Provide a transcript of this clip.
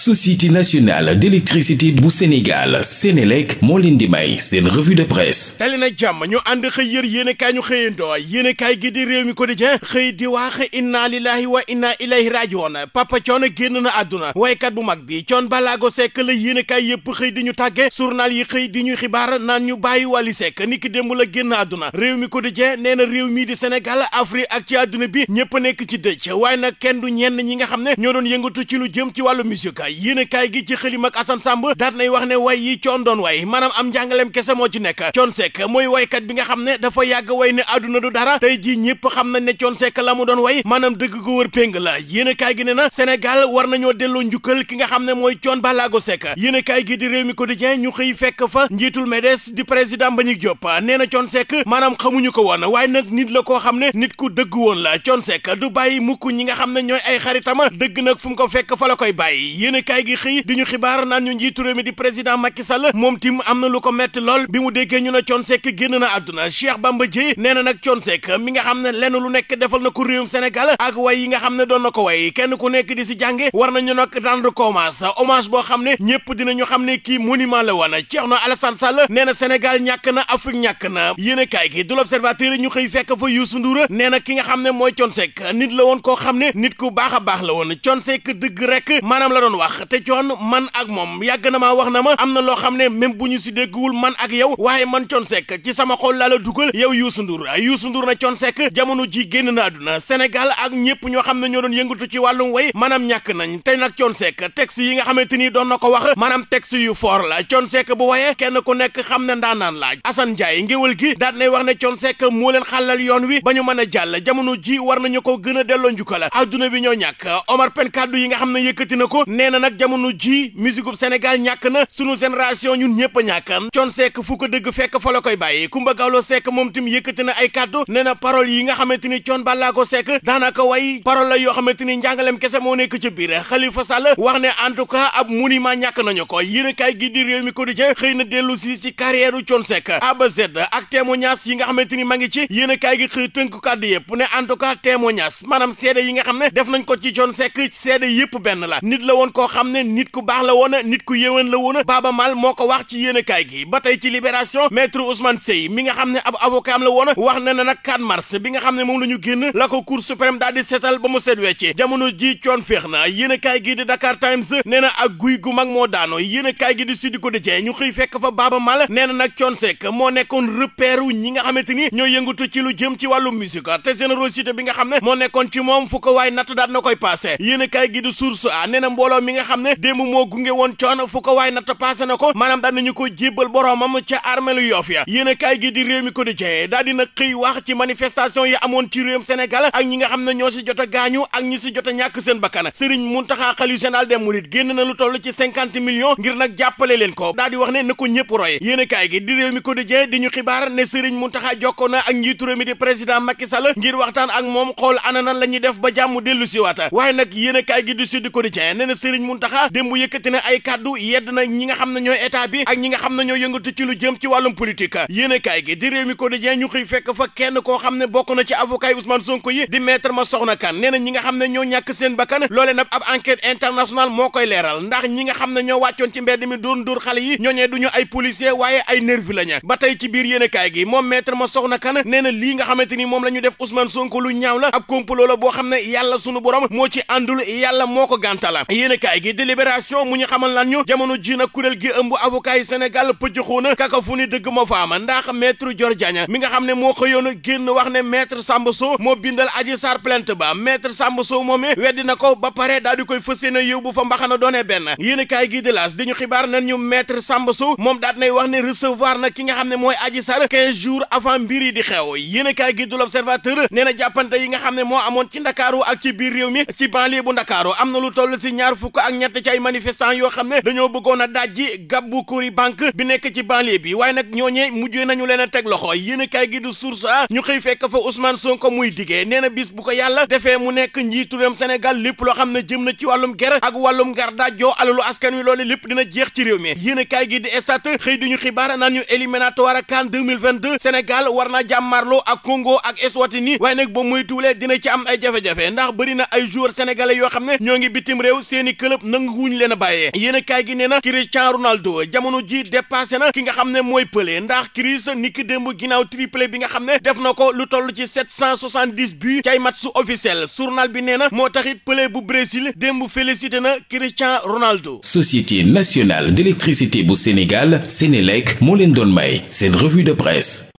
société nationale d'électricité bu Sénégal Sénélec moo leen di may seen revue de presse tali na jàmm ñu ànd xëy yër yéene kaay ñu xëyeen yéene kaay gi di réew mi quotidien xëy di wax inna lillahi wa inna ilayhi rajiun Papa Thione génn na àdduna waykat bu mag bi Thione Ballago Seck la yéene kaay yëpp xëy di ñu tàgge journal yi xëy di ñuy xibaar naan ñu bàyyi Wally Seck niki démb la génn àdduna réew mi quotidien nee na réew mii di Sénégal Afrique ak ci àdduna bi ñëpp nekk ci dëj waaye nag kenn ñenn ñi nga xam ne ñoo doon yëngatu ci lu jëm ci wàllu musique yéen kaay gi ci xëlim ak Assane Samb daat nay wax ne way yi coon doon way maanaam am njàngaleem kese moo ci nekk coon sekk mooy waykat bi nga xam ne dafa yàgg way ne àdduna du dara tey jii ñëpp xam nañ ne coon sekk la mu doon way maanaam dëgg ko wër péng la yéen gi ne na Sénégal war nañoo delloo njukkal ki nga xam ne mooy coon balaago sekk yéen kaay gi di réew mi quotidien ñu xëy fekk fa njiitul ma MEDES di président Mbagnick Diop nee na coon sekk maanaam xamuñu ko woon waaye nag nit la koo xam ne nit ku dëgg woon la coon du bàyyi mukk ñi nga xam ne ñooy ay xaritama dëgg nag fu mu fa la koy bàyyi yéenekaay gi xëy di ñu xibaar naan ñu njiitu mi di président Macky Sall moom tim am na lu ko metti lool bi mu déggee ñu ne Thione Seck génn na àdduna Cheikh Bamba Dièye nee na nag Thione Seck mi nga xam ne lenn lu nekk defal na ko réewum Sénégal ak way yi nga xam ne doon na ko way kenn ku nekk di si jànge war nañu nag rendre hommage hommage boo xam ne ñëpp dinañu xam ne kii monument la woon Thierno Alassane Sall nee na Sénégal ñàkk na Afrique ñàkk na yéenekaay gi du l'Observateur ñu xëy fekk fa Youssou na ki nga xam ne mooy Thione Seck nit la koo xam ne nit ku baax a baax la woon Thione Seck dëgg maanaam la doon wax wax te coon man ak moom yàgg na ma wax na ma am na loo xam ne même bu ñu si dégguwul man ak yow waaye man Thione Seck ci sama xol laa la dugal yow Youssou Ndour Youssou Ndour na Thione Seck jamono ji génn na adduna Sénégal ak ñëpp ñoo xam ne ñoo doon yëngatu ci wàllum way maanaam ñàkk nañ te nag Thione Seck texte yi nga xamante ni doon na ko wax maanaam texte yu fort la Thione Seck bu wayee kenn ku nekk xam ne ndaanaan laaj Assane Ndiaye ngéwal gi daat nay wax ne Thione Seck moo leen xàllal yoon wi ba ñu mën a jàll jamono ji war nañu ko gën a delloo njukkal adduna bi ñoo ñàkk Omar Pen kaddu yi nga xam ne yëkkati na ko nee na nag jamono ji musique Sénégal ñàkk na sunu génération ñun ñëpp ñàkk Thione Seck fu ko dëgg fekk fa la koy bàyyi Kumba Gawlo Seck moom tim yëkkati na ay kàddu nee na parole yi nga xamante ni Thione Ballago Seck daanaka way parole la yoo xamante ni njàngalem kese moo nekk ci biir Khalifa Sall wax ne en tout cas ab monument ñàkk nañu ko yéenekaay gi di Rewmi Quotidien xëy na dellu si si carrière Thione Seck A ba Z ak yi nga xamante ni ma ngi ci yéenekaay gi xëy tënk kàddu yëpp ne en tout cas témoignage maanaam seede yi nga xam ne def nañ ko ci Thione Seck seede yëpp benn la nit la woon ko xam ne nit ku baax la woon nit ku yéwén la woon Baaba Maal moo ko wax ci yéenekaay gi ba tey ci Libération maître Ousmane Seye mi nga xam ne ab avocat am la woon wax na ne nag 4 mars bi nga xam ne moom la ñu génn la ko Cour suprême daal di seetal ba mu seet wecce jamono ji coon féex na yéenekaay gi di Dakar Times nee na ak guy gu mag moo daano yéenekaay gi di Sud Quotidien ñu xëy fekk fa Baaba Maal nee na nag Thione Seck moo nekkoon repère ñi nga xamante ni ñoo yëngatu ci lu jëm ci wàllu musique te générosité bi nga xam ne moo nekkoon ci moom fu ko waay natt daal na koy passé yéenekaay gi di Source A nee na mbooloo nga xam ne démb moo gunge woon coono fu ko waaye natt paase na ko maanaam daan nañu ko jébbal boromam ca armeelu Yoff ya yéen gi di réew mi ko di jee xëy wax ci manifestation yi amoon ci réewum Sénégal ak ñi nga xam ne ñoo si jot gaañu ak ñi si jot ñàkk seen bakkan Serigne Mountakha Khalife général des Mourides génn na lu toll ci cinquante millions ngir nag jàppale leen ko daal wax ne na ko ñëpp roy yéen a kaay gi di réew mi ko di jee di ñu xibaar ne Serigne Mountakha jokkoo na ak njiitu réew mi di président Macky Sall ngir waxtaan ak la ñuy a kaay Muntaxa démb yëkkati na ay kàddu yedd na ñi nga xam ne ñoo état bi ak ñi nga xam na ñoo yëngatu ci lu jëm ci wàllum politique yéen a kaay gi di réew mi quotidien ñu xëy fekk fa kenn koo xam ne bokk na ci avocat yi Ousmane Sonko yi di maître ma soxna kan nee na ñi nga xam ne ñoo ñàkk seen bakkan loole nag ab enquête internationale moo koy leeral ndax ñi nga xam ne ñoo wàccoon ci mbedd mi doon dóor xale yi ñooñee du ñu ay policier waaye ay nervi lañu ba tey ci biir yéen a gi moom maître ma soxna kan nee na lii nga xamante ni moom la ñu def Ousmane Sonko lu ñaaw la ab complot la boo xam ne yàlla sunu borom moo ci àndul yàlla moo ko gànta la kaay gi di libération mu ñu xamal lan ñu jamono kuréel gi ëmb avocat yi Sénégal pëjxoo na kaka fu ni dëgg moo fa ndax maître Dior Diagne mi nga xam ne moo xëyoon génn wax ne maître Samba Sow moo bindal Adji Sarr plainte ba maître Samba Sow moomee weddi na ko ba pare daal di koy fas yéene yóbbu fa mbaxana doonee benn yéen kaay gi di laas di ñu xibaar nan ñu maître Samba Sow moom daat nay wax ne recevoir na ki nga xam ne mooy Adji Sarr quinze jours avant mbir yi di xew yéen kaay gi du l'observateur nee na jàppante yi nga xam ne moo amoon ci Ndakaaru ak ci biir réew mi ci banlieue bu Ndakaaru ak ñett ci ay manifestants yoo xam ne dañoo bëggoon a dajji gàbbu kuri banque bi nekk ci banlieue bi waaye nag ñooñee mujjee nañu leen a teg loxo yéen a gi du source ñu xëy fekk fa Ousmane Sonko muy digee nee na bis bu ko yàlla defee mu nekk njiitu réewum Sénégal lépp loo xam ne jëm na ci wàllum ger ak wàllum gar daajjoo alalu askan wi loolu lépp dina jeex ci réew mi yéen a kaay gi di estat xëy duñu xibaar naan ñu éliminatoire ak CAN 2022 Sénégal war naa jàmmarloo ak Congo ak Eswatini waaye nag ba muy tuulee dina ci am ay jafe ndax bëri na ay joueurs sénégalais yoo xam ne ñoo ngi bitim réew seeni club nangu wuñ leen a bàyyee yéen kaay gi nee na Cristiano Ronaldo jamono ji dépassé na ki nga xam ne mooy pële ndax Chris ni ki démb ginnaaw triplé bi nga xam ne def na ko lu toll ci 770 mat su match officiel journal bi nee na moo taxit pële bu Brésil démb félicité na Cristiano Ronaldo. Société nationale d'électricité bu Sénégal Sénélec moo leen doon may seen revue de presse.